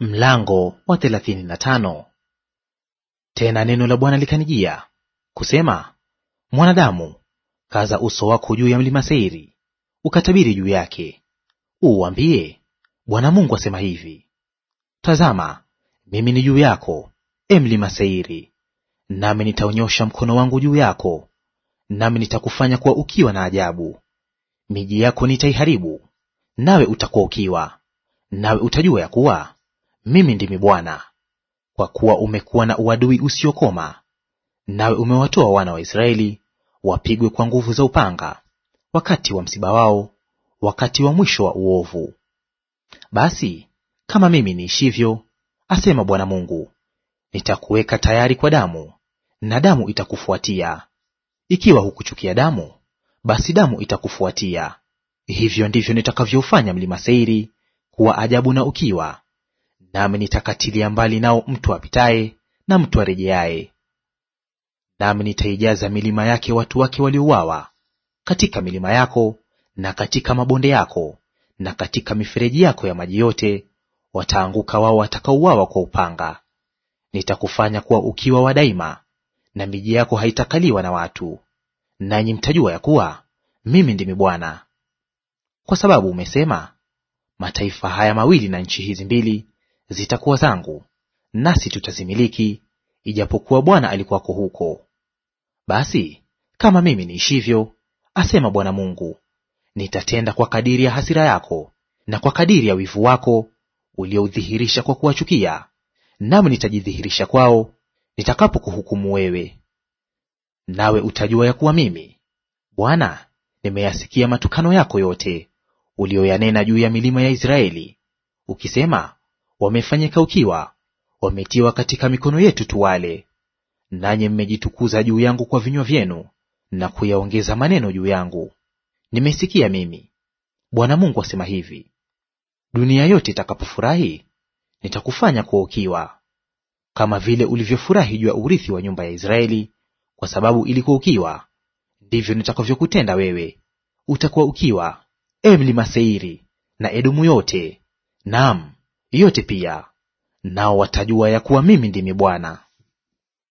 Mlango wa thelathini na tano. Tena neno la Bwana likanijia kusema, mwanadamu, kaza uso wako juu ya mlima Seiri, ukatabiri juu yake, uuambie, Bwana Mungu asema hivi: Tazama, mimi ni juu yako, e mlima Seiri, nami nitaonyosha mkono wangu juu yako, nami nitakufanya kuwa ukiwa na ajabu. Miji yako nitaiharibu, nawe utakuwa ukiwa, nawe utajua ya kuwa mimi ndimi Bwana. Kwa kuwa umekuwa na uadui usiokoma, nawe umewatoa wana wa Israeli wapigwe kwa nguvu za upanga, wakati wa msiba wao, wakati wa mwisho wa uovu. Basi kama mimi niishivyo, asema Bwana Mungu, nitakuweka tayari kwa damu, na damu itakufuatia. Ikiwa hukuchukia damu, basi damu itakufuatia. Hivyo ndivyo nitakavyoufanya mlima Seiri kuwa ajabu na ukiwa, nami nitakatilia mbali nao mtu apitaye na mtu arejeaye. Nami nitaijaza milima yake watu wake waliouawa, katika milima yako na katika mabonde yako na katika mifereji yako ya maji yote wataanguka wao watakaouawa kwa upanga. Nitakufanya kuwa ukiwa wa daima, na miji yako haitakaliwa na watu, nanyi mtajua ya kuwa mimi ndimi Bwana. Kwa sababu umesema mataifa haya mawili na nchi hizi mbili zitakuwa zangu, nasi tutazimiliki, ijapokuwa Bwana alikuwako huko. Basi kama mimi niishivyo, asema Bwana Mungu, nitatenda kwa kadiri ya hasira yako na kwa kadiri ya wivu wako ulioudhihirisha kwa kuwachukia, nami nitajidhihirisha kwao nitakapokuhukumu wewe. Nawe utajua ya kuwa mimi Bwana nimeyasikia matukano yako yote uliyoyanena juu ya milima ya Israeli, ukisema, wamefanyika ukiwa, wametiwa katika mikono yetu tuwale. Nanyi mmejitukuza juu yangu kwa vinywa vyenu na kuyaongeza maneno juu yangu. Nimesikia mimi Bwana Mungu asema hivi, dunia yote itakapofurahi nitakufanya kuwa ukiwa, kama vile ulivyofurahi juu ya urithi wa nyumba ya Israeli kwa sababu ilikuwa ukiwa, ndivyo nitakavyokutenda wewe. Utakuwa ukiwa, e mlima Seiri na Edomu yote, naam yote pia, nao watajua ya kuwa mimi ndimi Bwana.”